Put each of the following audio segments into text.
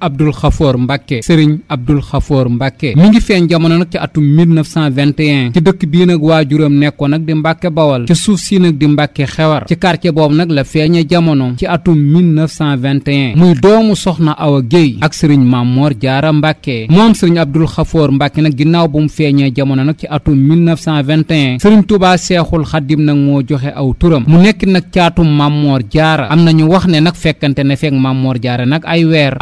Abdul Xafoor Mbàkke sëriñ Abdul Xafoor Mbàkke mu ngi feeñ jamono nag ci atum 1921 ci dëkk bii nag waajuram nekkoon nag di Mbàkke Bawal ci suuf si nag di Mbàkke Xewar ci quartier boobu nag la feeñe jamono ci atum 1921 muy doomu soxna Awa Géey ak sëriñ Mammoor Jaara Mbàkke moom sëriñ Abdul Xafoor Mbàkke nag ginnaaw bu mu feeñee jamono nag ci atum 1921 sëriñ Tuubaa Seexul Xaddim nag moo joxe aw turam mu nekk nag caatum Mammoor Jaara am na ñu wax ne nag fekkante ne feeg Mammoor Jaara nag ay weer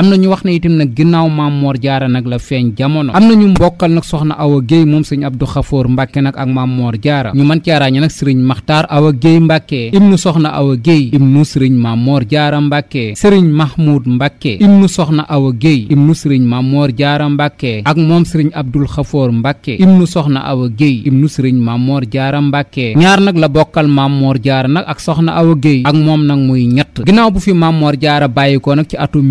soxna itam nag ginnaaw maam Mor Jaara nag la feeñ jamono am na ñu mbokkal nag soxna Awa Guèye moom sëñ Abdou Xafoor Mbàkke nag ak maam Mor Jaara ñu mën cee ràññee nag sëriñ Maxtaar Awa Guèye Mbàkke ibnu soxna Awa Guèye ibnu sëriñ maam Mor Jaara Mbàkke sëriñ Mahmoud Mbàkke ibnu soxna Awa Guèye ibnu sëriñ maam Mor Jaara Mbàkke ak moom sëriñ Abdul Xafoor Mbàkke ibnu soxna Awa Guèye ibnu sëriñ maam Mor Jaara Mbàkke ñaar nag la bokkal maam Mor Jaara ak soxna Awa moom nag muy ñett ginnaaw bu fi maam Jaara bàyyi ko nag ci atum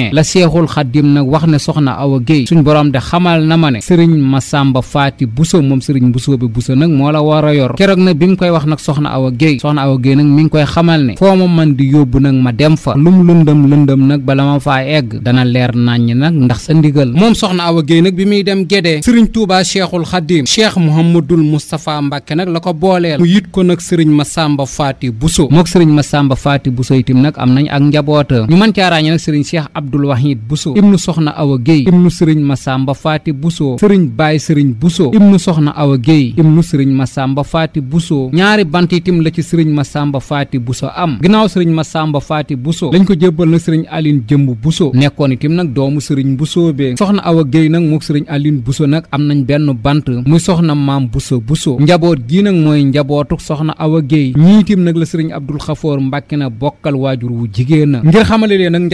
ne la seexul xaddim nag wax ne soxna Awa Guèye suñ borom de xamal na ma ne sëriñ Masamba Faati Buso moom sëriñ Buso bi Buso nag moo la war a yor keroog nag bi mu koy wax nag soxna Awa Guèye soxna Awa Guèye nag mi ngi koy xamal ne foo ma man di yóbbu nag ma dem fa lum lëndëm lëndëm nag bala faa egg dana leer naññ nag ndax sa ndigal moom soxna Awa Guèye nag bi muy dem Gédé sëriñ Touba Cheikhul Xaddim Cheikh Mouhamadul Moustapha Mbacke nag la ko booleel mu yit nag sëriñ Masamba Faati Buso mook sëriñ ma sàmba Faati Buso itim nag am nañ ak njaboota ñu mën caa nag sëriñ Cheikh Abdul Wahid Bousso ibnu soxna Awa Guèye ibnu sëriñ Masamba Faati Bousso sëriñ Baay sëriñ Bousso ibnu soxna Awa Guèye ibnu sëriñ Masamba Faati Bousso ñaari bant itam la ci sëriñ ma Masamba Faati Bousso am ginnaaw sëriñ Masamba Faati Bousso lañ ko jébbal nag sëriñ Aline Jëmb Bousso nekkoon itam nag doomu sëriñ Bousso bee soxna Awa Guèye nag mook sëriñ Aline Bousso nag am nañ benn bant muy soxna maam Bousso Bousso njaboot gii nag mooy njabootuk soxna Awa Guèye ñii itam nag la sëriñ Abdul Xafoor Mbàkke na bokkal waajur wu jigéen na ngir xamale leen nag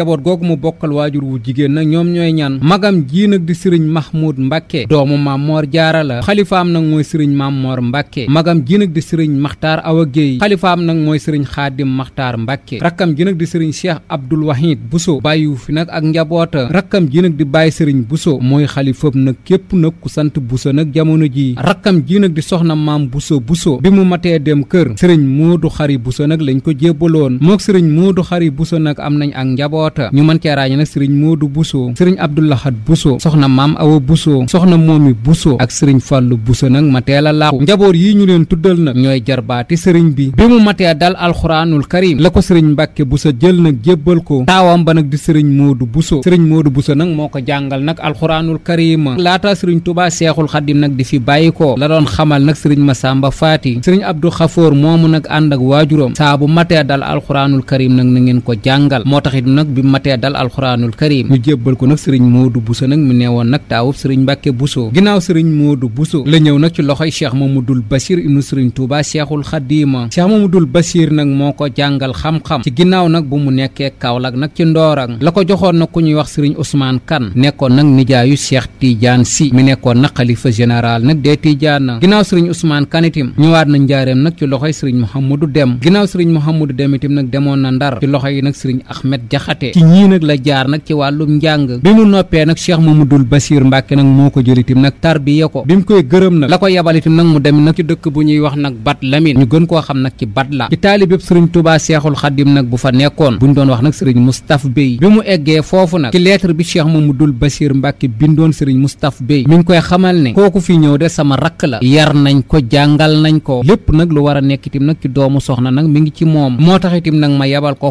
bokkal waajur wu jigéen nag ñoom ñooy ñan magam ji nag di sëriñ Mahmoud Mbacke doomu Maam Moor Jaara xalifaam nag mooy sëriñ Maam Moor Mbacke magam ji nag di sëriñ Maxtaar Awa Guèye xalifaam nag mooy sëriñ Xaadim Maxtaar Mbacke rakkam ji nag di sëriñ Cheikh Abdoul Wahid Bousso bàyyiwu fi nag ak njaboota rakkam ji nag di bàyyi sëriñ Bousso mooy xalifab nag képp nag ku sant Bousso nag jamono ji rakkam ji nag di soxna Maam Bousso Bousso bi mu matee dem kër sëriñ Moodu Xari Bousso nag lañ ko jébbaloon mook sëriñ Moodu Xari Bousso nag am nañ ak njaboota ñu gaañu nag sëriñ Modou Bousso sëriñ Abdou Lahad Bousso soxna maam Awa Bousso soxna Momi Bousso ak sëriñ Fallou Bousso nag ma a laaxu njaboot yi ñu leen tuddal nag ñooy jarbaati sëriñ bi bi mu matee dal alxuraanul karim la ko sëriñ Mbàkke sa jël nag jébbal ko taawam ba nag di sëriñ Modou Bousso sëriñ Modou Bousso nag moo ko jàngal nag alxuraanul karima laata sëriñ Touba Seexul Xadim nag di fi bàyyi ko la doon xamal nag sëriñ ma Masamba Faati sëriñ Abdou Xafoor moomu nag ànd ak waajuram saa bu matee dal alxuraanul karim nag na ngeen ko jàngal moo tax it nag bi matee dal alxuraan alxuraanul karim ñu jébbal ko nag sëriñ Modou Bousso nag mu nee woon nag taawub sëriñ Mbàkke Bousso ginnaaw sëriñ Modou Bousso la ñëw nag ci loxoy Cheikh Mamadul Bachir ibnu sëriñ Touba Cheikhul ma Cheikh Mamadul Bachir nag moo ko jàngal xam-xam ci ginnaaw nag bu mu nekkee Kaolack nag ci ndooraan la ko joxoon nag ku ñuy wax sëriñ Ousmane Kane nekkoon nag nijaayu Cheikh Tidiane Sy mi nekkoon nag xalifa général nag dee Tidiane ginnaaw sëriñ Ousmane Kane itam ñëwaat na njaareem nag ci loxoy sëriñ Mouhamadou Dem ginnaaw sëriñ Mouhamadou Dem itam nag demoon na Ndar ci loxoy nag sëriñ Ahmed Jaxate ci ñii nag la jaar nag ci wàllum njàng bi mu noppee nag Cheikh Mamadou Bassir Mbacke nag moo ko jëlitim nag tarbiya ko bi mu koy gërëm nag la ko yabalitim nag mu dem nag ci dëkk bu ñuy wax nag Bat Lamine ñu gën koo xam nag ci Bat la ci taalibeb sëriñ Touba Seexul Xadim nag bu fa nekkoon buñ doon wax nag sëriñ Moustapha Bey bi mu eggee foofu nag ci lettre bi Cheikh Mamadou Bassir Mbacke bindoon sëriñ Moustapha Bey mi ngi koy xamal ne kooku fi ñëw de sama rakk la yar nañ ko jàngal nañ ko lépp nag lu war a nekk itam nag ci doomu soxna nag mi ngi ci moom moo tax itam nag ma yabal ko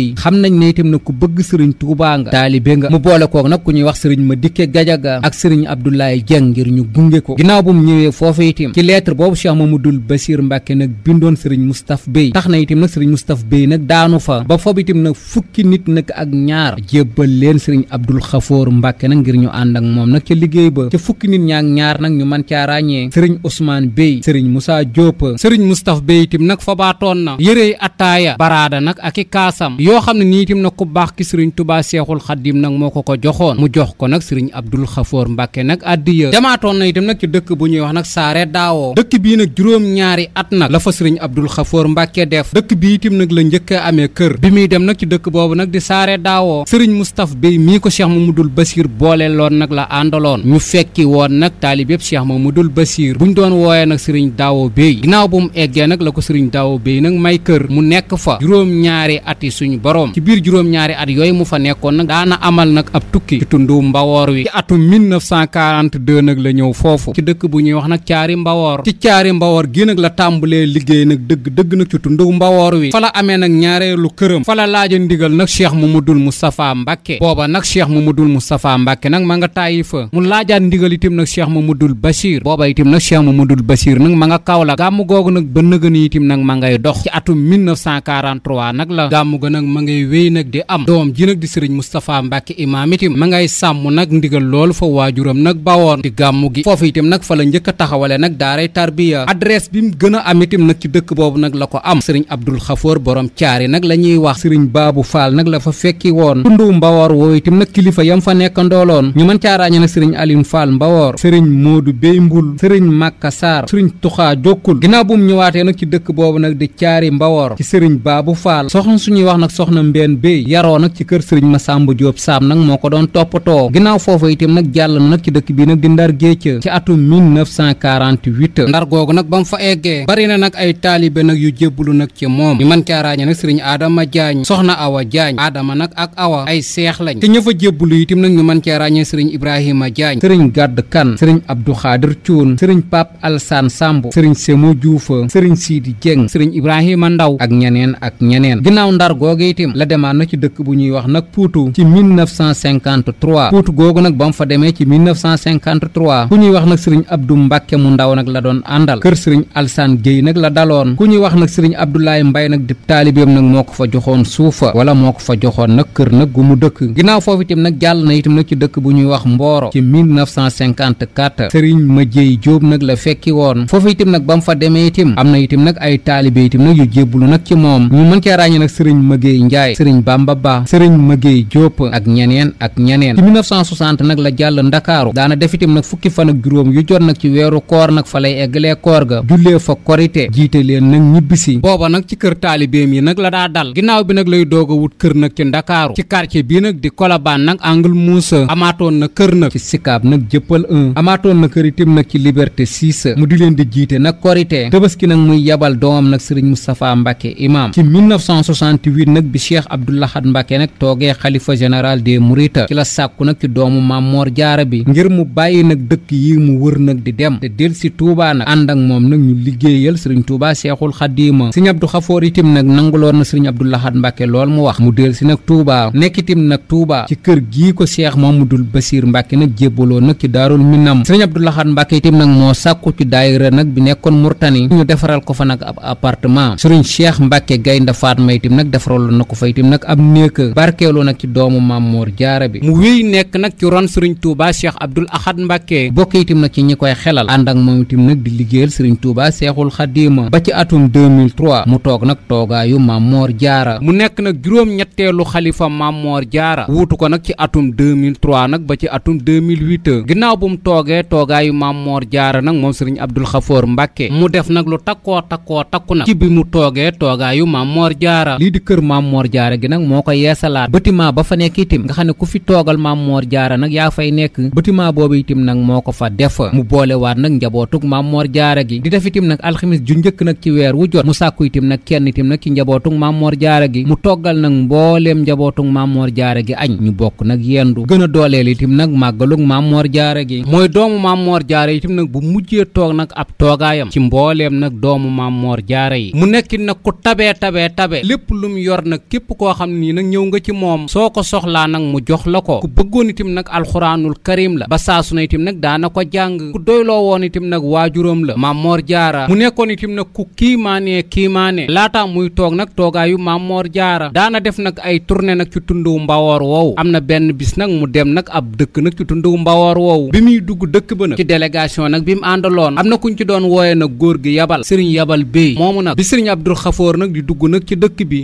yi xam nañ ne itam na ku bëgg sëriñ Touba nga taalibe nga mu boole koog nag ku ñuy wax sëriñ ma dikke Gajaga ak sëriñ Abdoulaye Dieng ngir ñu gunge ko ginnaaw bu mu ñëwee foofu itam ci lettre boobu Cheikh Mamadou Bassir Mbacke nag bindoon sëriñ Moustapha Bey tax na itam nag sëriñ Moustapha Bey nag daanu fa ba foofu itam nag fukki nit nag ak ñaar jébbal leen sëriñ Abdoul Khafour Mbacke nag ngir ñu ànd ak moom nag ca liggéey ba ca fukki nit ñaak ñaar nag ñu man caa ràññee sëriñ Ousmane Bey sëriñ Moussa Diop sëriñ Moustapha Bey yoo xam ne nii itam nag ku baax ki sëriñ tubaa seexul xaddim nag moo ko ko joxoon mu jox ko nag sëriñ abdul xafoor mbàkke nag addiya demaatoon na dem nag ci dëkk bu ñuy wax nag saare daawoo dëkk bii nag juróom-ñaari at nag la fa sëriñ abdul xafoor mbàkke def dëkk bi itam nag la njëkk a amee kër bi muy dem nag ci dëkk boobu nag di saare daawoo sëriñ mustaf bey mii ko mu mamadul basir boole loon nag la àndaloon ñu fekki woon nag taalib yëpp cheikh mamadul basir buñ doon wooyee nag sëriñ daawoo bey ginnaaw bu mu eggee nag la ko sëriñ daawoo bey nag may kër mu nekk fa juróom-ñaari at suñu boroom ci biir juróom-ñaari at yooyu mu fa nekkoon nag daana amal nag ab tukki ci tundu mbawoor wi ci atum 1942 nag la ñëw foofu ci dëkk bu ñuy wax nag caari mbawoor ci caari mbawoor gi nag la tàmbalee liggéey nag dëgg dëgg nag ci tundu mbawoor wi fa la amee nag ñaareelu këram fa la laaja ndigal nag cheikh mamadul moustapha mbàkke mu nag cheikh mamadul moustapha mbàkke nag ma nga tàyyi fa mu laajaat ndigal itam nag cheikh mamadul bachir booba itam nag cheikh mamadul bachir nag ma nga kaw la gàmmu googu nag ba nëgën itam nag ma ngay dox ci atum 1943 nag la gàmmu gën a nag ma ngay wéy nag di am doom ji nag di sëriñ Moustapha Mbacke imaam itam ma ngay sàmm nag ndigal loolu fa waajuram nag bawoon di gàmmu gi foofu itam nag fa la njëkk a taxawale nag daaray tarbiya adresse bi mu gën a am itam nag ci dëkk boobu nag la ko am sëriñ Abdul Xafoor borom caari nag la ñuy wax sëriñ Baabu Faal nag la fa fekki woon tundu mbawoor woo itam nag kilifa yam fa nekk ndooloon ñu mën caa ràññee nag sëriñ Alim Faal mbawoor sëriñ Moodu Bey Mbul sëriñ Màkka Saar sëriñ Tuxaa Jokkul ginnaaw bu mu ñëwaatee nag ci dëkk boobu nag di caari mbawoor ci nag soxna Mbène Bey yaroo nag ci kër sëriñ Masamba Diop Sam nag moo ko doon toppatoo ginnaaw foofu itam nag jàll na nag ci dëkk bi nag di ndar géej ci atum 1948 ndar googu nag ba mu fa eggee bari na nag ay taalibe nag yu jébbalu nag ci moom mi man caa ràññee nag sëriñ Adama Diagne soxna Awa Diagne Adama nag ak Awa ay seex lañ te ña fa jébbalu itam nag ñu mën caa ràññee sëriñ Ibrahima Diagne sëriñ Gàdd Kan sëriñ Abdou Khadir Thioune sëriñ Pape Alassane Samb sëriñ Semo Diouf sëriñ Sidi Dieng sëriñ Ibrahima Ndaw ak ñeneen ak ñeneen ginnaaw ndar googu googee itam la demaat na ci dëkk bu ñuy wax nag Puutu ci 1953 Puutu googu nag ba mu fa demee ci 1953 ku ñuy wax nag sëriñ Abdou Mbacke mu ndaw nag la doon àndal kër sëriñ Alsaan Guèye nag la daloon ku ñuy wax nag sëriñ Abdoulaye Mbaye nag di taalibeem nag moo ko fa joxoon suufa wala moo ko fa joxoon nag kër nag gu mu dëkk ginnaaw foofu itam nag jàll na itam nag ci dëkk bu ñuy wax Mboro ci 1954 ma Madieye Diop nag la fekki woon foofu itam nag ba mu fa demee itam am na itam nag ay taalibe itam nag yu jébbulu nag Guèye Ndiaye Serigne Bamba Ba Serigne Maguèye Diop ak ñeneen ak ñeneen ci 1960 nag la jàll Ndakaaru daana def nag fukki fan juróom yu jot nag ci weeru koor nag fa lay eggalee koor ga jullee fa korite jiite leen nag ñibbisi booba nag ci kër taalibeem yi nag la daa dal ginnaaw bi nag lay doog a wut kër nag ci Ndakaaru ci quartier bii nag di Colobane nag Angle Moussa amaatoon na kër nag ci Sicap nag jëppal 1 amaatoon na kër itam nag ci Liberté 6 mu di leen di jiite nag nag bi cheikh Abdou Lahad Mbacké nag toogee xalifa général des Mourides ci la sàkku nag ci doomu Maam Mor Jaara bi ngir mu bàyyi nag dëkk yi mu wër nag di dem te del si Touba nag ànd ak moom nag ñu liggéeyal sëriñ Touba Seexul Xadiima sëriñ Abdou Xafoor itim nag nanguloon na sëriñ Abdou Lahad Mbacké lool mu wax mu del si nag Touba nekk itim nag Touba ci kër gii ko cheikh Mamadul Basiir Mbacké nag jébbaloo nag ci daarul Minam sëriñ Abdou Lahad Mbacké itim nag moo sàkku ci daayira nag bi nekkoon Murtani ñu yàlla na ko fay tim nag am néeg barkeelu nag ci doomu maam Mor Jaara bi mu wéy nekk nag ci ron sëriñ Touba Cheikh Abdoul Ahad Mbacké bokk itam nag ci ñi koy xelal ànd ak moom itam nag di liggéeyal sëriñ Touba Seexul Xadiima ba ci atum 2003 mu toog nag toogaayu maam Mor Jaara mu nekk nag juróom-ñetteelu xalifa maam Mor Jaara wuutu ko nag ci atum 2003 nag ba ci atum 2008 ginnaaw bu mu toogee toogaayu maam Mor Jaara nag moom sëriñ Abdoul Xafoor Mbacké mu def nag lu takkoo takkoo takku nag mu toogee maam Mor Jaara gi ne ku fi toogal maam Mor Jaara nag yaa moo ko fa def mu boolewaat nag njabootug maam Mor Jaara gi di def itim nag alxamis ju njëkk nag ci weer wu jot mu sàkku itim nag kenn itim nag ci njabootug maam Mor Jaara gi mu toggal nag mbooleem njabootug maam Mor Jaara gi añ ñu bokk nag yendu gën a dooleel itim nag màggalug maam Mor Jaara gi mooy doomu maam Mor Jaara itim nag bu mujjee toog nag ab toogaayam ci mbooleem nag doomu maam Mor Jaara yi mu nekkin nag ku tabee tabee tabe lépp lum yor nag képp koo xam nii nag ñëw nga ci moom soo ko soxlaa nag mu jox la ko ku bëggoon itam nag alxuraanul karim la ba saa su na itam nag daana ko jàng ku doyloo woon itam nag waajuram la maam moor jaara mu nekkoon itam nag ku kiimaanee kiimaane laata muy toog nag toogaayu maam moor jaara daana def nag ay tournée nag ci tundu mbawoor woowu am na benn bis nag mu dem nag ab dëkk nag ci tundu mbawoor woowu bi muy dugg dëkk ba nag ci délégation nag bi mu àndaloon am na kuñ ci doon wooye nag góor gi yabal sëriñ yabal bi sëriñ abdul xafoor nag di dugg nag ci dëkk bi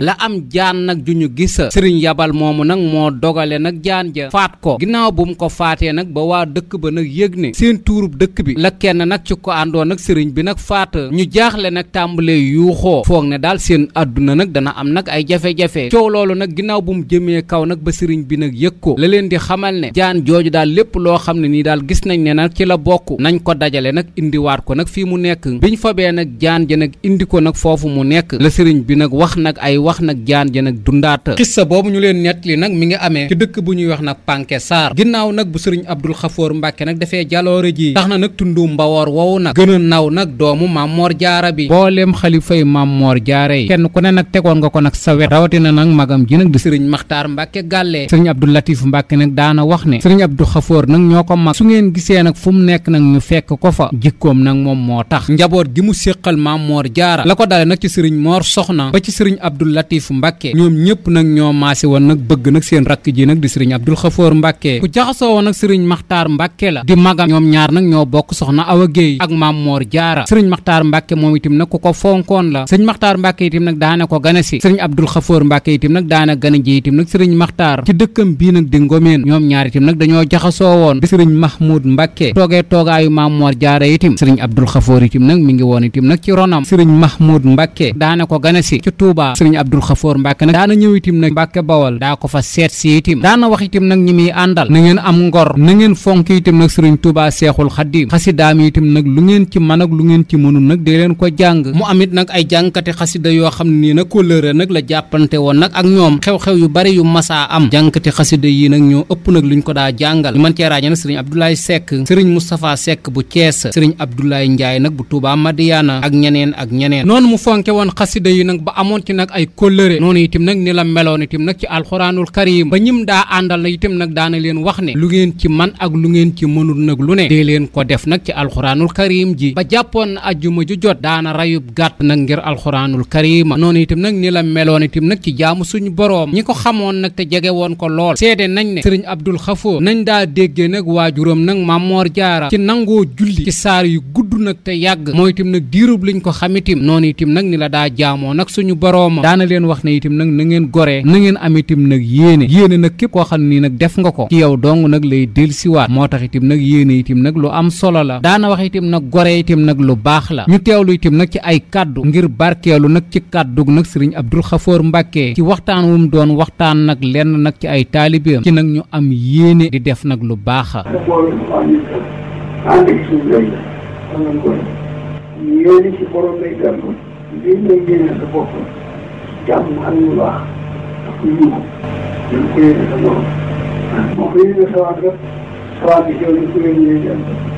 jaan nag ju ñu gisa sëriñ yabal moomu nag moo dogale nag jaan ja faat ko ginnaaw bu mu ko faatee nag ba waa dëkk ba nag yëg ne seen tuurub dëkk bi la kenn nag ci ko àndoon nag sëriñ bi nag faat ñu jaaxle nag tàmbalee yuuxoo foog ne daal seen àdduna nag dana am nag ay jafe-jafe coow loolu nag ginnaaw bu mu jëmee kaw nag ba sëriñ bi nag yëg ko la leen di xamal ne jaan jooju daal lépp loo xam ne nii daal gis nañ ne nag ci la bokk nañ ko dajale nag indiwaat ko nag fii mu nekk biñ fabee nag jaan ja nag indi ko nag foofu mu nekk la bi nag jaan ja nag dundaata ñu leen nett li nag mi ngi amee ci dëkk bu ñuy wax nag Panké Sarr ginnaaw nag bu sëriñ na nag tundu mbawoor woowu nag gën a naw nag doomu Mammoor Jaara kenn ku ne nag tegoon nga ko nag sa wet rawatina nag magam ji nag di sëriñ Maxtaar Mbàkke Gàllee sëriñ Abdul Latif Mbàkke nag daana wax ne sëriñ Abdul Xafoor nag ñoo ko mag su ngeen gisee nag fu mu nekk nag ñu fekk ko fa jikkoom nag moom moo tax njaboot gi mu séqal Mammoor Jaara la ko dale nag ci sëriñ Moor Soxna ba ci sëriñ Abdul Latif Mbàkke Mbacke ñoom ñëpp nag ñoo maasi woon nag bëgg nag seen rakk ji nag di sëriñ Abdul Xafoor Mbacke ku jaxasoo woon nag sëriñ Maxtaar Mbacke la di magam ñoom ñaar nag ñoo bokk soxna Awa Guèye ak maam Moor Jaara sëriñ Maxtaar Mbacke moom itam nag ku ko fonkoon la sëriñ Maxtaar Mbacke itam nag daana ko gane si sëriñ Abdul Xafoor Mbacke itam nag daana gane ji itam nag sëriñ Maxtaar ci dëkkam bii nag di ngomeen ñoom ñaar itam nag dañoo jaxasoo woon di sëriñ Mahmoud Mbacke toogee toogaayu maam Moor Jaara itam sëriñ Abdul Xafoor itam nag mi ngi woon itam nag Mor Mbacke nag daana ñëw itim nag Mbacke Bawal daa ko fa seet si itim daana wax itim nag ñi muy àndal na ngeen am ngor na ngeen fonk itim nag sëriñ Touba Seexul Xaddiim xasidaam itim nag lu ngeen ci mën ak lu ngeen ci mënul nag dee leen ko jàng mu amit nag ay jàngkati xasida yoo xam nii nag kóllëre nag la jàppante woon nag ak ñoom xew-xew yu bari yu masaa am jàngkati xasida yi nag ñoo ëpp nag luñ ko daa jàngal ñu mën cee ràññee nag sëriñ Abdoulaye Seck sëriñ Moustapha Seck bu bu Touba Madiana ak ñeneen ak ñeneen noonu mu fonke woon xasida yi nag ba noonu itam nag ni la meloon itam nag ci alxuraanul karim ba ñim daa àndal na itam nag daana leen wax ne lu ngeen ci man ak lu ngeen ci mënul nag lu ne dee leen ko def nag ci alxuraanul karim ji ba jàppoon na ajjuma ju jot daana rayub gàtt nag ngir alxuraanul karima noonu itam nag ni la meloon itam nag ci jaamu suñu boroom ñi ko xamoon nag te jege woon ko lool seede nañ ne sëriñ abdul xafoor nañ daa déggee nag waajuram nag Mamor Jaara ci nangoo julli ci yu gudd nag te yàgg mooy itam nag diirub liñ ko xamitim noonu itam nag ni la daa jaamoo nag suñu borooma itam nag na ngeen goree na ngeen am itam nag yéene yéene nag képp koo xam ne nii nag def nga ko ci yow dong nag lay dellusiwaat moo tax itam nag yéene itam nag lu am solo la daana wax itam nag goree itam nag lu baax la ñu teew teewlu itam nag ci ay kàddu ngir barkeelu nag ci kàddu nag sëriñ Abdul Xafoor Mbàkke ci waxtaan wu doon waxtaan nag lenn nag ci ay taalibeem ci nag ñu am yéene di def nag lu baaxa jàmm ak lu baax ak lu yiw dañ ko yéene sa morom boo ko yéene sa waat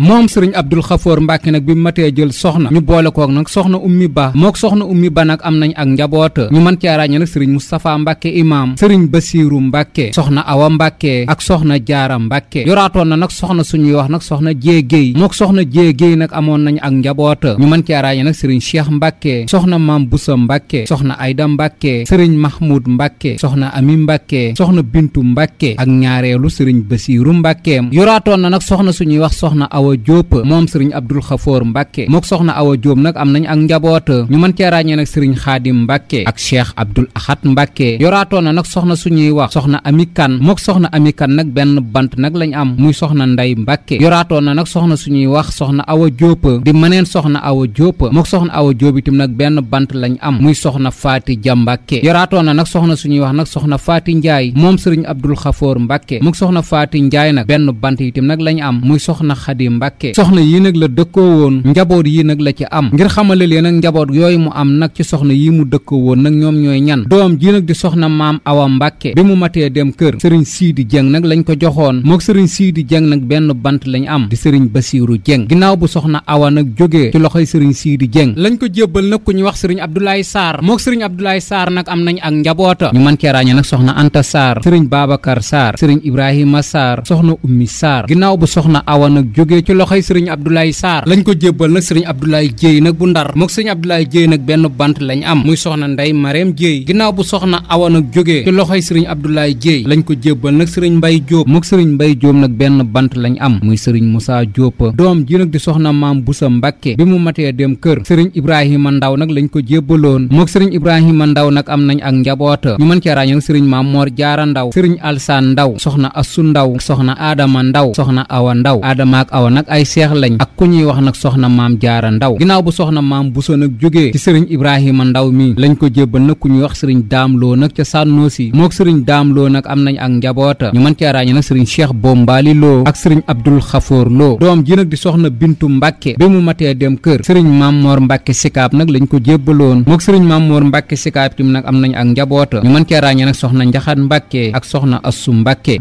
moom sëriñ Abdul Xafoor Mbàkke nag bi mu matee jël soxna ñu boole kook nag soxna ummi ba mook soxna ummi ba nag am nañ ak njaboot ñu man caa ràññe nag sëriñ Moustapha Mbàkke imaam sëriñ Basiiru Mbàkke soxna Awa Mbàkke ak soxna Jaara Mbàkke yoraatoon na nag soxna suñuy wax nag soxna jéegéey mook soxna jéegéey nag amoon nañ ak njaboot mën caa ràññe nag sëriñ Cheikh Mbàkke soxna Maam Busa Mbàkke soxna Ayda Mbàkke sëriñ Mahmoud Mbàkke soxna Ami Mbàkke soxna Bintu Mbàkke ak ñaareelu sëriñ Basiiru Mbàkke yoraatoon na nag soxna suñuy wax wax soxna Awa Diop moom sëriñ Abdul Xafoor Mbàkke mook soxna Awa Diop nag am nañu ak njaboot ñu man cee ràññee nag sëriñ Xaadim Mbàkke ak Cheikh Abdul Axat Mbàkke yoraatoon na nag soxna suñuy wax soxna Ami Kan mook soxna Ami Kan nag benn bant nag lañ am muy soxna Ndey Mbàkke yoraatoon na nag soxna suñuy wax soxna Awa Diop di mëneen soxna Awa Diop mook soxna Awa Diop itam nag benn bant lañ am muy soxna Faati Ja Mbàkke yoraatoon na nag soxna suñuy wax nag soxna Faati Njaay moom sëriñ Abdul Xafoor Mbàkke mook soxna Faati Njaay nag benn bant itam nag lañ am soxna xadi mbàkke soxna yi nag la dëkkoo woon njaboot yi nag la ci am ngir xamale leen nag njaboot yooyu mu am nag ci soxna yi mu dëkkoo woon nag ñoom ñooy ñan doom ji nag di soxna maam awa mbàkke bi mu matee dem kër sëriñ siidi jeng nag lañ ko joxoon mook sëriñ siidi jeng nag benn bant lañ am di sëriñ basiiru jeng ginnaaw bu soxna awa nag jógee ci loxoy sëriñ siidi jeng lañ ko jébbal nag ku ñu wax sëriñ abdoulaye saar mook sëriñ abdoulaye saar nag am nañu a njaboota ñu mën cee nag soxna anta sëriñ babacar saar sëriñ ibrahima saar soxna nag jógee ci loxoy sëriñ Abdoulaye Sarr lañ ko jébbal nag sëriñ Abdoulaye Dieye nag bu ndar mook sëriñ Abdoulaye Dieye nag benn bant lañ am muy soxna Ndeye Marème Dieye ginnaaw bu soxna Awa nag jógee ci loxoy sëriñ Abdoulaye Dieye lañ ko jébbal nag sëriñ Mbaye Diop mook sëriñ Mbaye Diop nag benn bant lañ am muy sëriñ Moussa Diop doom ji nag di soxna Maam Boussa Mbacke bi mu matee dem kër sëriñ Ibrahima Ndaw nag lañ ko jébbaloon mook sëriñ Ibrahima Ndaw nag am nañ ak njaboota ñu mën cee ràññee sëriñ Maam Mor Jaara Ndaw sëriñ Alsaan Ndaw soxna Assu Ndaw soxna Adama Ndaw soxna Awa Ndaw Adama ak Awa nag ay seex lañ ak ku ñuy wax nag soxna maam jaara ndaw ginnaaw bu soxna maam Bousso nag jógee ci sëriñ Ibrahima ndaw mi lañ ko jébbal nag ku ñuy wax sëriñ daam loo nag ca sànnoosi mook sëriñ daam loo nag am nañ ak njaboota ñu man cee ràññe nag sëriñ Cheikh Bombaali loo ak sëriñ Abdul Xafoor loo doom ji nag di soxna Bintu Mbàkke bi mu matee dem kër sëriñ Maam Moor Mbàkke Sikaab nag lañ ko jébbaloon mook sëriñ Maam Moor Mbàkke Sikaab tim nag am nañ ak njaboota ñu mën cee ràññe nag soxna Njaxat Mbàkke ak soxna Assu Mbàkke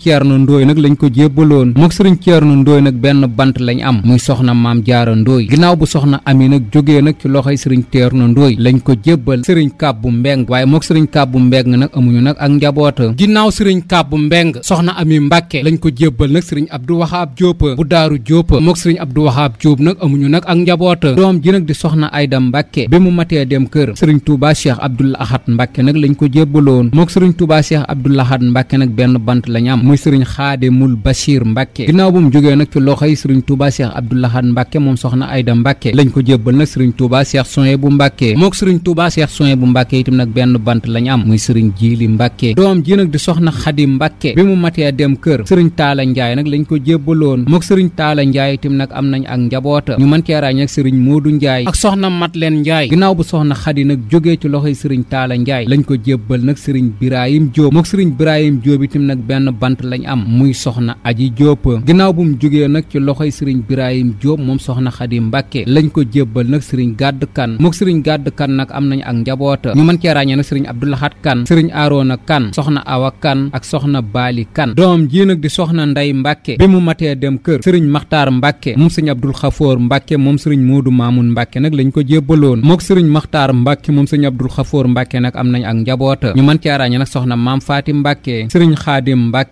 Ceerno Ndooy nag lañ ko jébbaloon mook sëriñ Ceerno Ndooy nag benn bant lañ am muy soxna maam jaara Ndooy ginnaaw bu soxna ami nag jógee nag ci loxoy sëriñ Ceerno Ndooy lañ ko jébbal sëriñ Kàbbu Mbeng waaye mook sëriñ Kàbbu Mbeng nag amuñu nag ak njaboota ginnaaw sëriñ Kàbbu Mbeng soxna ami Mbàkke lañ ko jébbal nag sëriñ Abdu Waxaab Jóob bu Daaru Jóob mook sëriñ Abdu Waxaab Jóob nag amuñu nag ak njaboota doom ji nag di soxna Ayda Mbàkke bi mu matee dem kër sëriñ Touba Cheikh Abdoul Ahad Mbàkke nag lañ ko jébbaloon mook sëriñ Touba Cheikh Abdoul Ahad Mbàkke nag benn bant lañ am am muy sëriñ xaadimul bachir mbàkke ginnaaw bu mu jógee nag ci yi sëriñ touba cheikh abdoulahat mbakke moom soxna ayda mbàkke lañ ko jébbal nag sëriñ touba cheikh soye bu mbàkke mook sëriñ touba cheikh soye bu mbàkke itam nag benn bant lañu am muy sëriñ jiili mbàkke doom ji nag di soxna xadi mbakke bi mu matee dem kër sëriñ taala njaay nag lañu ko jébbaloon mook sëriñ taala njaay itam nag am nañu ak njaboota ñu mën cee ràññee nag sëriñ moodu ak soxna mat leen njaay ginnaaw bu soxna xadi nag jógee ci loxoy sëriñ taala njaay lañ ko jébbal nag sëriñ birahim jóob mook sëriñ birahim jóob itam nag benn bant bant lañ am muy soxna aji Diop ginnaaw bu mu jógee nag ci loxoy sëriñ Birahim Diop moom soxna Xadi Mbàkke lañ ko jébbal nag sëriñ Gàdd Kan mook sëriñ Gàdd Kan nag am nañu ak njaboota ñu mën cee ràññee nag sëriñ Abdoulahat Kan sëriñ Aroona Kan soxna Awa Kan ak soxna Baali Kan doom jii nag di soxna Ndey Mbàkke bi mu matee dem kër sëriñ Maxtaar Mbàkke moom sëriñ Abdul Xafoor Mbàkke moom sëriñ Moodu Maamun Mbàkke nag lañ ko jébbaloon mook sëriñ Maxtaar Mbàkke moom sëriñ Abdul Xafoor Mbàkke nag ak njaboota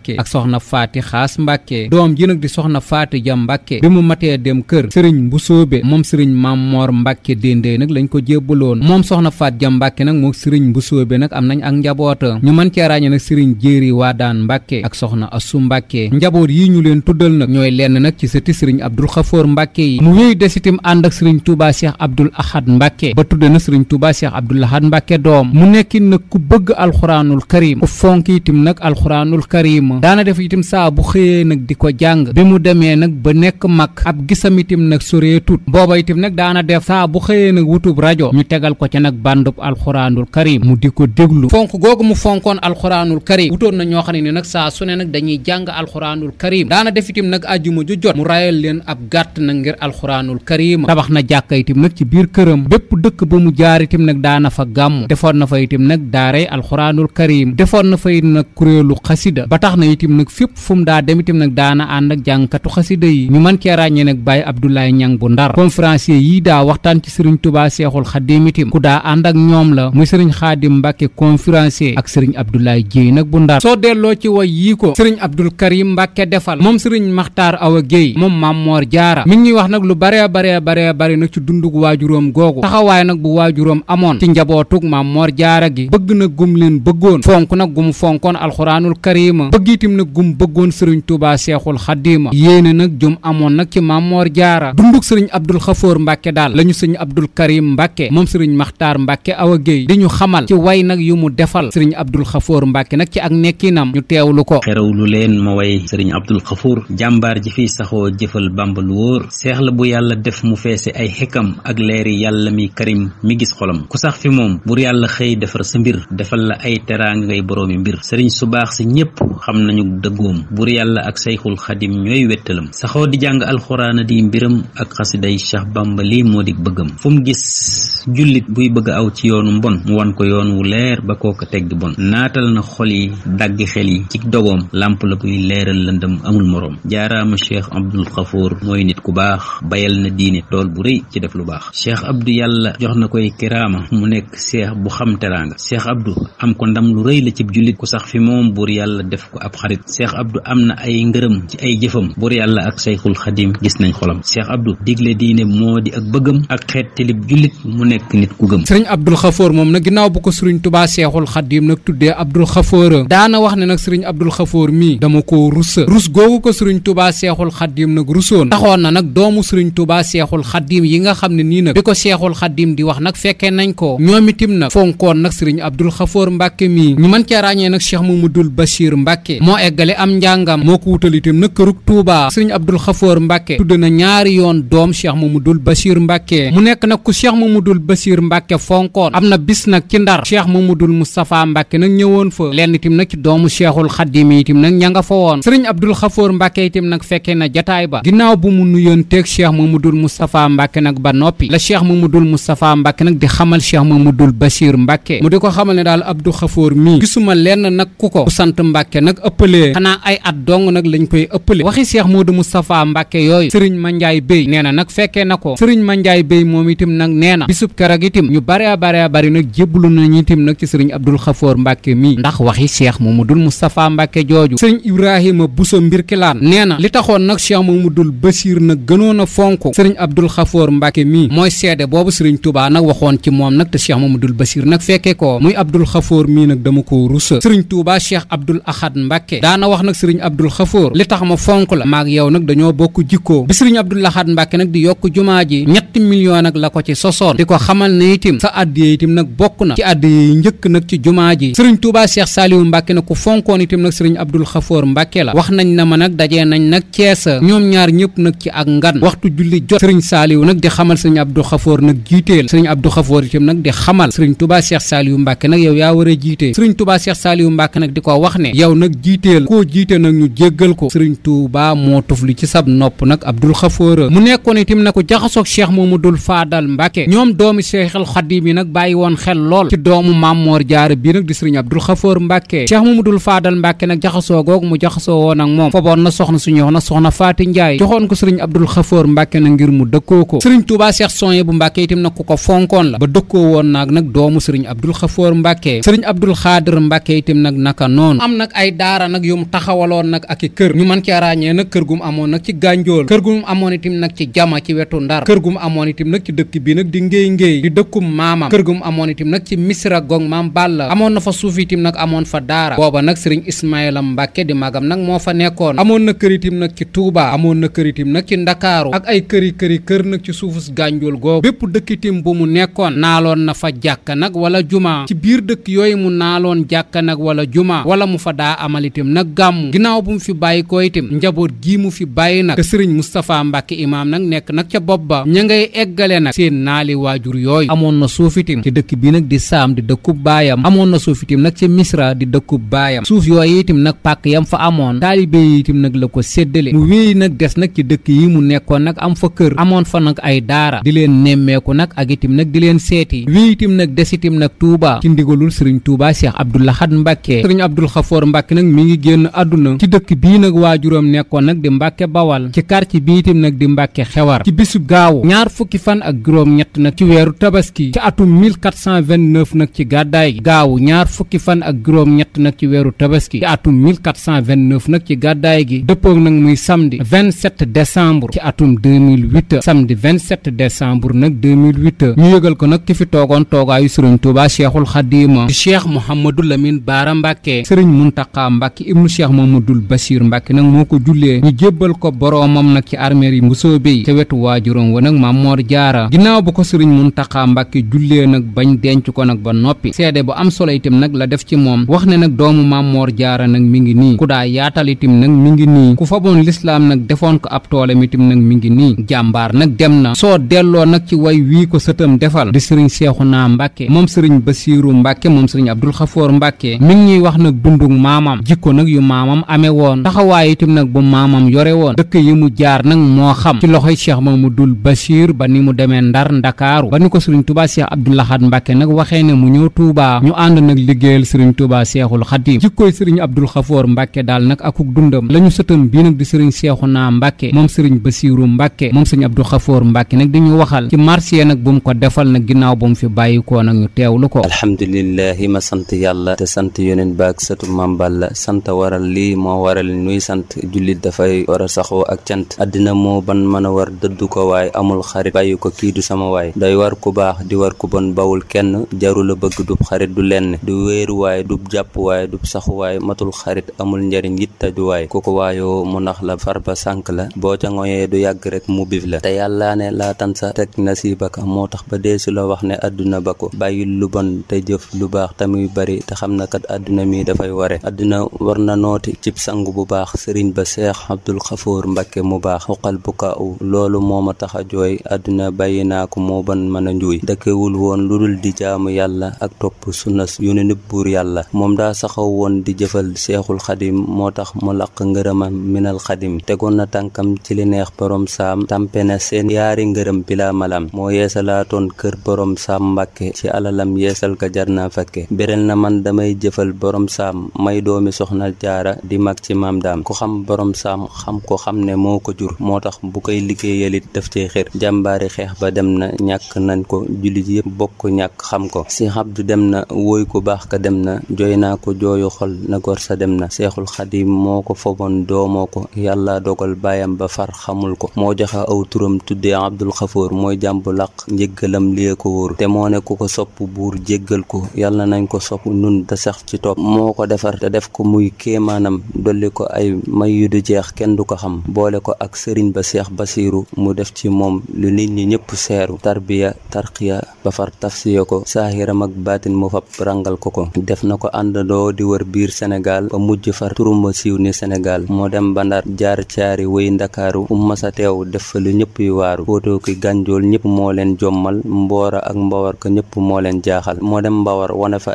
Mbàkke ak soxna faati xaas Mbàkke doom ji nag di soxna faati ja Mbàkke bi mu matee dem kër sëriñ Mbusoobe moom sëriñ Maam Moor Mbàkke déndéey nag lañ ko jébbaloon moom soxna faat ja Mbàkke nag moo sëriñ Mbusoobe nag am nañ ak njaboota ñu mën cee ràññe nag sëriñ Jéeri Waadaan Mbàkke ak soxna Asu Mbàkke njaboot yi ñu leen tuddal nag ñooy lenn nag ci sëti sëriñ Abdul Xafoor Mbàkke yi mu wéy desitim ànd ak sëriñ Touba Cheikh Abdoul Ahad Mbàkke ba tudde na sëriñ Touba Cheikh Abdoul Ahad Mbàkke doom mu nekkin nag ku bëgg daana def itam saa bu xëyee nag di ko jàng bi mu demee nag ba nekk mag ab gisam itam nag soree tut booba itam nag daana def saa bu xëyee nag wutub rajo ñu tegal ko ci nag bandub alxuraanul karim mu di ko déglu fonk googu mu fonkoon alxuraanul karim wutoon na ñoo xam ne ni nag saa su ne nag dañuy jàng alxuraanul karim daana def itam nag ajjuma ju jot mu rayal leen ab gàtt nag ngir alxuraanul karim tabax na jàkka itam nag ci biir këram bépp dëkk ba mu jaar itam nag daana fa gàmm defoon na fa itam nag daaray alxuraanul karim defoon na fay nag kuréelu itam nag fépp fu mu daa dem itam nag daana ànd ak jàngkatu xasida yi ñu mën cee ràññee nag Baye Abdoulaye Niang bu Ndar conférencier yi daa waxtaan ci sëriñ Touba Seexul Xadim itam ku daa ànd ak ñoom la muy sëriñ Xaadim Mbàkke conférencier ak sëriñ Abdoulaye Jéey nag bu Ndar soo delloo ci way yii ko sëriñ Abdul Karim Mbàkke defal moom sëriñ Maxtaar Awa Géey moom Maam Moor Jaara mi ngi ñuy wax nag lu baree baree bare bare nag ci dundug waajuróom googu taxawaay nag bu waajuróom amoon ci njabootug Maam Moor Jaara gi bëgg na gum leen bëggoon fonk nag gumu itam nag gum bëggoon sëriñ Touba Seexul Xaddiima yéene nag jum amoon nag ci Mamor Jaara dunduk sëriñ Abdul Xafoor Mbàkke daal la ñu sëriñ Abdul Karim Mbàkke moom sëriñ Maxtaar Mbàkke Awa Géey di ñu xamal ci way nag yu mu defal sëriñ Abdul Xafoor Mbàkke nak ci ak nekkinam ñu teew teewlu ko lu leen ma way sëriñ Abdul Xafoor jàmbaar ji fiy saxoo jëfal Bàmba lu wóor seex la bu yàlla def mu feese ay xekkam ak leeri yàlla mi karim mi gis xolam ku sax fi moom bur yàlla xëy defar sa mbir defal la ay teraanga ngay boroomi su baax nañu dëggoom bur yàlla ak sayxul xadim ñooy wettalam saxoo di jàng alxuraana di mbiram ak xasiday Cheikh Bamba lii moo di bëggam fu mu gis jullit buy bëgg aw ci yoonu mbon mu wan ko yoon wu leer ba koo ko tegg bon naatal na xol yi dagg xel yi ci dogoom làmp la buy leeral lëndam amul moroom jaaraama Cheikh Abdul Xafoor mooy nit ku baax bayal na diine tool bu rëy ci def lu baax Cheikh Abdou yàlla jox na koy kiraama mu nekk seex bu xam teraanga Cheikh xarit Cheikh Abdou am na ay ngërëm ci ay jëfam buur yàlla ak Cheikhul Xadim gis nañ xolam Cheikh Abdou digle diine moo di ak bëggam ak xeet tilib jullit mu nekk nit ku gëm sëriñ Abdul nag ko sëriñ Tubaa Cheikhul Xadim nag tuddee Abdul Xafoor daana wax ne nag sëriñ Abdul Xafoor mii dama koo rusa rus googu ko sëriñ Tubaa Cheikhul Xadim nag rusoon taxoon na nag doomu sëriñ Tubaa Cheikhul Xadim yi nga xam ne nii nag bi ko Cheikhul Xadim di wax nag fekkee nañ ko ñoom itim nag fonkoon nag sëriñ Abdul Xafoor Mbàkke mii ñu mën cee moo eggale am njàngam moo ko wutal na nag kërug Touba sëriñ Abdul Xafoor Mbàkke tudd na ñaari yoon doom Cheikh Mamadul Bachir Mbàkke mu nekk nag ku Cheikh Mamadul Bachir Mbàkke fonkoon am na bis nag ci ndar Cheikh Mamadul Moustapha Mbàkke nag ñëwoon fa lenn itam nag ci doomu Cheikhul Xadim itam nag ña nga fa woon sëriñ Abdul Xafoor Mbàkke itam nag fekkee na jataay ba ginnaaw bu mu nuyoon teeg Cheikh Mamadul Moustapha Mbàkke nag ba noppi la Cheikh Mamadul Moustapha Mbàkke nag di xamal Mbàkke mu di ko xamal ne daal Abdou Xafoor mii gisuma lenn nag ëppalee xanaa ay at dong nag lañu koy ëppale waxi Cheikh Modou Moustapha Mbacke yooyu sëriñ Mandiaye Bey nee na nag fekkee na ko sëriñ Mandiaye Bey moom itam nag nee na bisub keroog itam ñu bare bare bari nag jébbalu nañu itam nag ci sëriñ Abdoul Khafour Mbacke mii ndax waxi Cheikh Mamadou Moustapha Mbacke jooju sëriñ Ibrahima Bousso Mbirkilaan nee na li taxoon nag Cheikh Mamadou basiir nag gënoon a fonk sëriñ Abdoul xafoor Mbacke mii mooy seede boobu sëriñ Touba nag waxoon ci moom nag te Cheikh Mamadou Bachir nag nag dama ko rusa sëriñ Touba Cheikh Abdoul Ahad Mbàkke daana wax nag sëriñ Abdul Xafoor li tax ma fonk la maag yow nag dañoo bokk jikkoo bi sëriñ Abdul Laxaat Mbàkke nag di yokk jumaa ji ñetti million nag la ko ci sosoon di ko xamal ne itim sa àddiyee itim nag bokk na ci àddiyee njëkk nag ci jumaa ji sëriñ Tuubaa Seex Saaliwu Mbàkke nag ku fonkoon itim nag sëriñ Abdul Xafoor Mbàkke la wax nañ na ma nag dajee nañ nag ceesa ñoom ñaar ñëpp nag ci ak ngan waxtu julli jot sëriñ Saaliwu nag di xamal sëriñ Abdul Xafoor nag jiiteel sëriñ Abdul Xafoor itim nag di xamal sëriñ nag yow yaa war a jiitee sëriñ Tuubaa Seex Saaliwu Mbàkke nag di ko wax ne jiiteel koo jiite nag ñu jéggal ko sëriñ Touba moo tufli ci sab nopp nag Abdul Xafoor mu nekkoon itam na ko jaxasoog Cheikh Mamadul Faadal Mbacke ñoom doomi Cheikhul Xadim yi nag bàyyi woon xel lool ci doomu Mamor Jaara bii nag di sëriñ Abdul Xafoor Mbacke Cheikh dul Faadal Mbacke nag jaxasoo googu mu jaxasoo woon ak moom foboon na soxna suñu wax na soxna Faati Njaay joxoon ko sëriñ Abdul Xafoor Mbacke nag ngir mu dëkkoo ko sëriñ Touba Cheikh Soye bu Mbacke itam nag ku ko fonkoon la ba dëkkoo woon nag nag doomu sëriñ Abdul Xafoor Mbacke sëriñ Abdul Xaadir Mbacke itam nag naka noonu am nag daara nag yu mu taxawaloon nag ak i kër ñu mën cee ràññee nag kër gu mu amoon nag ci gànjool kër gu mu amoon itam nag ci jama ci wetu ndar kër gu mu amoon itam nag ci dëkk bi nag di ngéey ngéey di dëkkum maamam kër gu mu amoon itam nag ci misra gong maam balla amoon na fa suuf itam nag amoon fa daara booba nag sëriñ ismaila mbàkke di magam nag moo fa nekkoon amoon na kër itam nag ci tuuba amoon na kër nag ci ndakaaru ak ay këri këri kër nag ci suufus gànjool googu bépp dëkk itam bu mu nekkoon naaloon na fa jàkka nag wala juma ci biir dëkk yooyu mu naaloon jàkka nag wala itam nag gàmmu ginnaaw bu mu fi bàyyi ko itam njaboot gi mu fi bàyyi nag te sëriñ Moustapha Mbacke imaam nag nekk nag ca bopp ba ña ngay eggale nag seen naali waajur yooyu amoon na suuf itam ci dëkk bi nag di saam di dëkku baayam amoon na suuf itam nag ca misra di dëkku baayam suuf yooyu itam nag pàkk yam fa amoon taalibe yi itam nag la ko séddale mu wéy nag des nag ci dëkk yi mu nekkoon nag am fa kër amoon fa nag ay daara di leen nemmeeku nag ak itam nag di leen seeti wéy nag des itam nag Touba ci ndigalul sëriñ mi ngi génn àdduna ci dëkk bii nag waajuram nekkoon nag di mbàkke bawal ci quartier bi itam nag di mbàkke xewar ci bisub gaawu ñaar fukki fan ak juróom-ñett nag ci weeru tabaski ci atum nag ci gàddaay gi gaawu ñaar fukki fan ak juróom-ñett nag ci weeru tabaski ci atum 1429 nag ci gàddaay gi dëppoog nag muy samedi 27 décembre ci atum 2008 samedi 27 décembre nag 2008 ñu yëgal ko nag ki fi toogoon toogaayu sëriñ Tuubaa Cheikhul Xadiima Cheikh Mouhamadou Lamine Baara Mbàkke sëriñ Muntaqa Mbàkke Mbàkke ibnu Cheikh Mamadul Bachir Mbàkke nag moo ko jullee ñu jébbal ko boroomam nag ci armeer yi Mbusoobe yi ca wetu waajuram wa nag Maam Moor Jaara ginnaaw ba ko sëriñ Muntaxa Mbàkke jullee nag bañ denc ko nag ba noppi seede bu am solo itam nag la def ci moom wax na nag doomu Maam Moor Jaara nag mi ngi nii ku daa yaatal itam nag mu ngi nii ku faboon lislaam nag defoon ko ab toolam itam nag mi ngi nii jàmbaar nag dem na soo delloo nag ci way wii ko sëtam defal di sëriñ Seexuna Mbàkke moom sëriñ Basiiru Mbàkke jikko nag yu maamam amee woon taxawaay itam nag bu maamam yore woon dëkk yi mu jaar nag moo xam ci loxoy cheikh mamadul bachir ba ni mu demee ndar ndakaaru ba ni ko sëriñ tubaa cheikh abdoulahat mbàkke nag waxee ne mu ñëw tuubaa ñu ànd nag liggéeyal sëriñ tubaa cheikhul xadim jikkooy sëriñ abdul xafoor mbàkke daal nag akuk dundam la ñu sëtam bii nag di sëriñ seexuna mbàkke moom sëriñ basiiru mbàkke moom sëriñ abdul xafoor mbàkke nag di ñu waxal ci marché nag bu mu ko defal nag ginnaaw bu mu fi bàyyikoo nag ñu teewlu ko alhamdulilahi ma sant yàlla sant yoneen baak satu mamballa sant waral lii moo waral nuy sant jullit dafay war a saxoo ak cant àddina moo ban mën a war dëddu ko waaye amul xarit bàyyi ko kii du sama waay day war ku baax di war ku bon bawul kenn jarul a bëgg du xarit du lenn du wéeruwaay dub jàppuwaay du saxuwaay matul xarit amul njariñ it tajuwaay ku ko waayoo mu nax la farba sànk la boo ca ngoyee du yàgg rek mu bif la te yàlla ne laa tan sa teg nasiibaka moo tax ba dee su wax ne àdduna ba ko bàyyil lu bon te jëf lu baax tamuy bari xam na àdduna mi dafay war na nooti cib sang bu baax sëriñ ba seex abdul xafoor mbàkke mu baax xuqal buka u loolu moo ma tax a jooy àdduna bàyyi naa ko moo ban mën a njuuy dëkkewul woon lu dul di jaamu yàlla ak topp sunnas yu ne nib buur yàlla moom daa saxaw woon di jëfal seexul xadim moo tax mu laq ngërëmam minal xadim tegoon na tànkam ci li neex borom saam tampe na seen yaari ngërëm bila malam moo yeesalaatoon kër borom saam mbàkke ci alalam yeesal ka na man soxna jaara di mag ci maam daam ku xam borom saam xam ko xam ne moo ko jur moo tax bu koy liggéeyalit daf cee xër jàmbaari xeex ba dem na ñàkk nañ ko jullit yëpp bokk ñàkk xam ko si xabdu dem na wooy ku baax ka dem na jooy naa ko jooyu xol na gor sa dem na seexul xadim moo ko foboon doomoo ko yàlla dogal baayam ba far xamul ko moo joxe aw turam tuddee abdul xafoor mooy jàmbu laq njëggalam lie ko wóor te moo ne ku ko sopp buur jéggal ko yàlla nañ ko sopp nun te sax muy kéemaanam dolli ko ay may yu du jeex kenn du ko xam boole ko ak sëriñ ba seex basiiru mu def ci moom lu nit ñi ñëpp seeru tarbiya tarqiya ba far tafsiya ko saahiram ak baatin mu fab rangal ko ko def na ko àndandoo di wër biir Sénégal ba mujj far turum siiw ni senegal moo dem ba Ndar jaar caari wéy ndakaaru umma sa teew def fa lu ñëpp yu waaru footoo gànjool ñëpp moo leen jommal mboora ak mbawar ko ñëpp moo leen jaaxal moo dem mbawar wane fa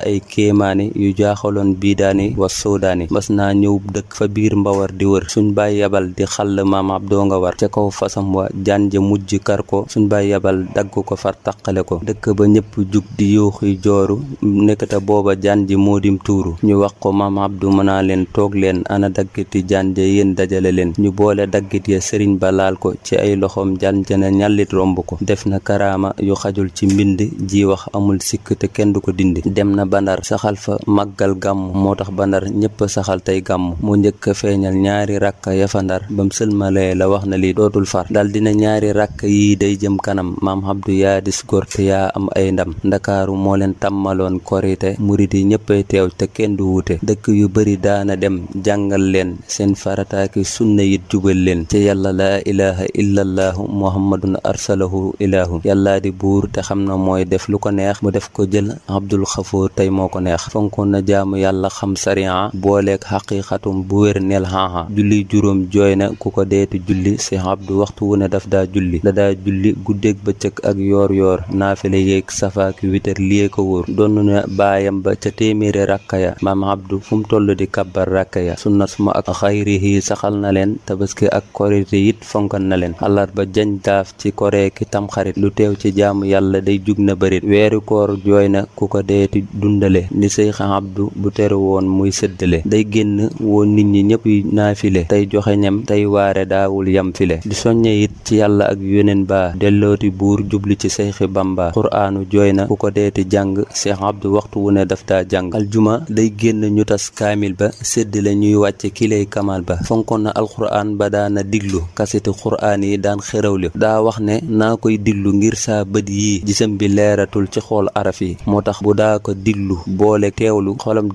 daani mas naa ñëw dëkk fa biir mbawar di wër suñ bàyyi yabal di xàll maam abdoo nga war ca kaw fasam wa jaan ja mujj kar ko suñ bàyyi dagg ko far taqale ko dëkk ba ñëpp jug di yuuxi jooru nekkata booba jaan ji moo dim tuuru ñu wax ko maam abdu mën naa leen toog leen ana daggiti jaan ja yéen dajale leen ñu boole daggit ya sëriñ ba laal ko ci ay loxoom jaan ja ne ñàllit romb ko def na karaama yu xajul ci mbind ji wax amul sikk te kenn du ko dindi dem na bandar saxal fa ñëpp saxal tey gàmm mu njëkk a feeñal ñaari rakka ya fa ndar bam sëlmalee la wax na lii dootul far dal dina ñaari rakk yii day jëm kanam maam Abdu yaa dis góor te yaa am ay ndam ndakaaru moo leen tàmmaloon korite murit yi ñëppay teew te kenn du wuute dëkk yu bari daana dem jàngal leen seen farataaki sunna yit jubal leen ci yàlla laa ilaha illallahu muhammadun arsalahu ilahu yàllaa di buur te xam na mooy def lu ko neex mu def ko jël abdul xafoor tey moo ko neex xam sariya booleeg xaqiqatum bu wér nel xanxa julli juróom jooy na ku ko deetu julli si abdu waxtu wu ne daf daa julli da daa julli ba bëccëg ak yoor yoor naafile yeeg safaaki witar liyee ko wóor donn na baayam ba ca téeméeri rakka ya maam abdu fu mu toll di kabbar rakka ya sunna suma ak xayrihi saxal na leen tabaski ak korite it fonkan na leen àllarba jañ daaf ci koree tamxarit lu teew ci jàmm yàlla day jug na bërit weeru koor jooy na ku ko jullee day génn woo nit ñi ñëpp naafile tey joxe ñam tey waare daawul yam file di soññe it ci yàlla ak yoneen baa dellooti buur jubli ci seyxi bamba quraanu jooy na ku ko deeti jàng cheikh abdu waxtu wu ne daf daa jàng aljuma day génn ñu tas kaamil ba sédd la ñuy wàcce kilay kamal ba fonkoon na alquraan ba daana diglu kaseti quraan yi daan xérawli daa wax ne naa koy diglu ngir sa bët yi gisam bi leeratul ci xool araf yi moo tax bu daa ko diglu boole teewlu xolam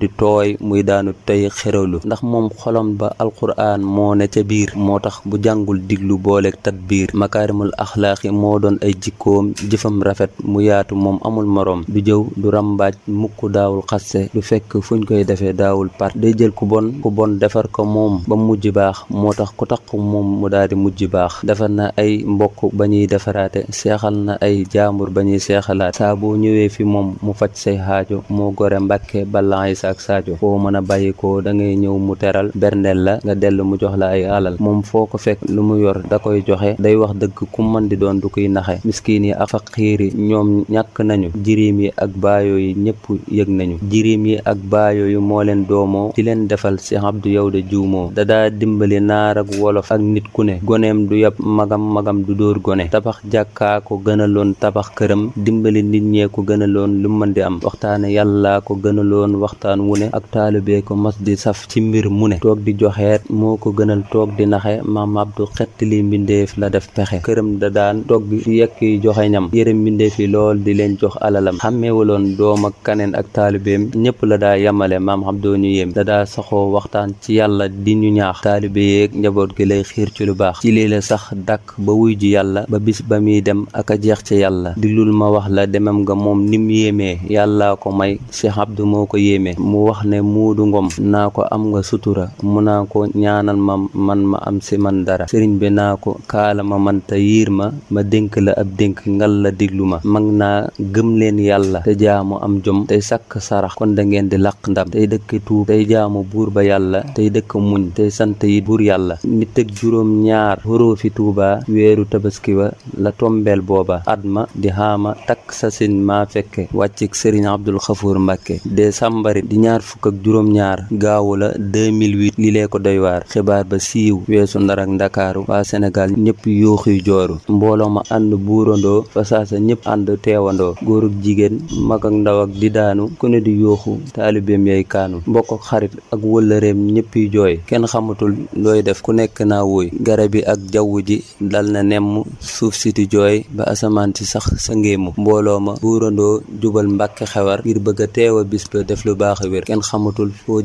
tey xeralu ndax moom xolam ba alquran moo ne ca biir moo tax bu jàngul diglu booleeg tadbiir makaarimul axlaaqi moo doon ay jikkoom jëfam rafet mu yaatu moom amul moroom du jëw du rambaaj mukk daawul xasse du fekk fu fuñ koy defee daawul part day jël ku bon ku bon defar ko moom ba mujj baax moo tax ku taq moom mu daal di mujj baax defar na ay mbokk ba ñuy defaraate seexal na ay jaambur ba ñuy seexalaat saa boo ñëwee fi moom mu faj say xaajo moo ko da ngay ñëw mu teral berndeel la nga dellu mu jox la ay alal moom foo ko fekk lu mu yor da koy joxe day wax dëgg ku man di doon du koy naxe miskiin yi ak faqiir yi ñoom ñàkk nañu jiriim yi ak baayoo yi ñëpp yëg nañu jiriim yi ak baayo yi moo leen doomoo ci leen defal si Abdu yow de juumoo dadaa dimbali naar ak wolof ak nit ku ne goneem du yab magam magam du dóor gone tabax jàkkaa ko gënaloon tabax këram dimbali nit ñee ko gënaloon lu mën di am waxtaane mos di saf mu ne toog di joxeet moo ko gënal toog di naxe maam Abdu xett li mbindeef la def pexe këram da daan toog bi yekk joxe ñam yërëm mbindeef yi lool di leen jox alalam xàmmeewaloon doom ak kaneen ak taalibeem ñëpp la daa yemale maam Abdoo ñu da daa saxoo waxtaan ci yàlla di ñu ñaax taalibe yeeg njaboot gi lay xiir ci lu baax ci lii sax dàkk ba wuy ji yàlla ba bis ba muy dem ak a jeex ci yàlla di lul ma wax la demam nga moom nim yéemee yàlla ko may Cheikh Abdou moo ko yéemee mu wax ne muudu ngom naa ko am nga sutura mu naa ko ñaanal ma man ma am si man dara sëriñ bi naa ko kaala ma manta yiir ma ma dénk la ab dénk ngal la diglu ma mag naa gëm leen yàlla te jaamu am jom tey sakk sarax kon da ngeen di laq ndam tey dëkk tuub tey jaamu buur ba yàlla tey dëkk muñ tey sant yi buur yàlla ni tëg juróom ñaar horoo fi tuuba weeru tabaski ba la tombeel booba at ma di xaama takk sasin maa fekke wàccik sëriñ abdul xafuur mbàkke dee sàmbari di ñaar waar gaawu la 2008 li lee ko doy waar xibaar ba siiw weesu ndar ak ndakaaru waa sénégal ñëpp yuuxi jooru mbooloo ma ànd buurandoo fa saasa ñëpp ànd teewandoo góor ak jigéen mag ak ndaw ak di daanu ku ne di yuuxu taalibeem yay kaanu mbokk ak xarit ak wëllëreem ñëppi jooy kenn xamatul looy def ku nekk naa wóoy garab yi ak jaww ji dal na nemm suuf si di jooy ba asamaan si sax sa ngéemu mbooloo ma buurandoo jubal mbàkke xewar ngir bëgg a bis ba def lu baax a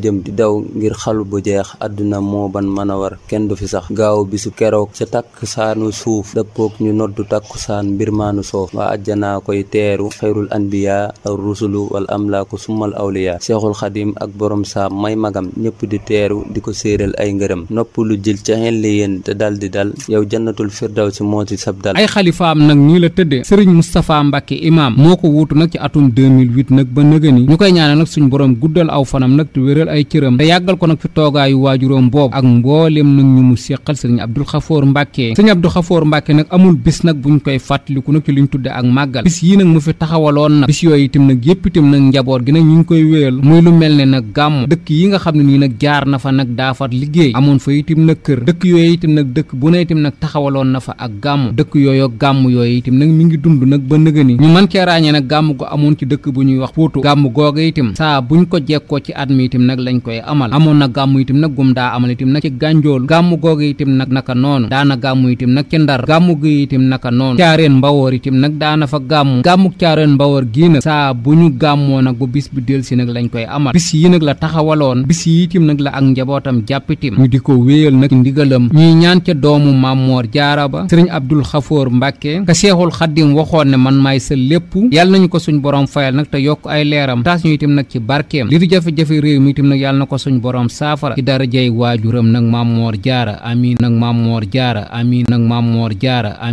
jëm di daw ngir xalu bu jeex àdduna moo ban mën a war kenn du fi sax gaaw su keroog ca takk saanu suuf dëppoog ñu noddu takku saan mbir maanu soof waa ajjanaa koy teeru xayrul anbiya al rusulu wal amlaaku summal awliya seexul xadim ak borom saam may magam ñëpp di teeru di ko séeral ay ngërëm nopp lu jël ca xen li te dal di dal yow jannatul firdaw si moo si sab dal ay xalifaam nag ñii la tëddee sëriñ Moustapha Mbacke imaam moo ko wuutu nag ci atum ay cëram te yàggal ko nag fi toogaayu waajuróom boobu ak mboolem nag ñu mu séqal sëriñ Abdul Xafoor Mbàkke sëriñ Abdul Xafoor Mbàkke nag amul bis nag buñ koy fàttaliku nag ci liñ tudde ak màggal bis yi nag mu fi taxawaloon nag bis yooyu itam nag yépp itam nag njaboot gi nag ñu ngi koy wéyal muy lu mel ne nag gàmm dëkk yi nga xam ne nii nag jaar na fa nag daafat liggéey amoon fa itam nag kër dëkk yooyu itam nag dëkk bu ne itam nag taxawaloon na fa ak gàmm dëkk yooyu gàmm yooyu itam nag mi ngi dund nag ba nëgëni ñu mën cee ràññee nag gàmm gu amoon ci bu ñuy wax Fuutu gàmm googa lañ koy amal amoon na gàmmu itam nag gum daa amal itam nag ci gànjool gàmmu googu itam nag naka noonu daana gàmmu itam nag ci ndar gàmmu gi itam naka noonu caareen mbawoor itam nag daana fa gàmmu gàmmu caareen mbawoor gii nag saa bu ñu gàmmoo nag bu bis bu del si nag lañ koy amal bis yi nag la taxawaloon bis yi itam nag la ak njabootam jàppitim ñu di ko wéyal nag ndigalam ñuy ñaan ca doomu Mammoor Jaara ba sëriñ Abdul Xafoor Mbàkke ka Seexul Xaddim waxoon ne man maay sa lépp yàlla nañu ko suñ borom fayal nag te yokk ay leeram taas nag ci barkeem nag yàlla na ko suñ borom saafara ci darajey waajuram nag Mame Mor Diarra amiin nag Mame Mor Diarra amiin nag Mame Mor Diarra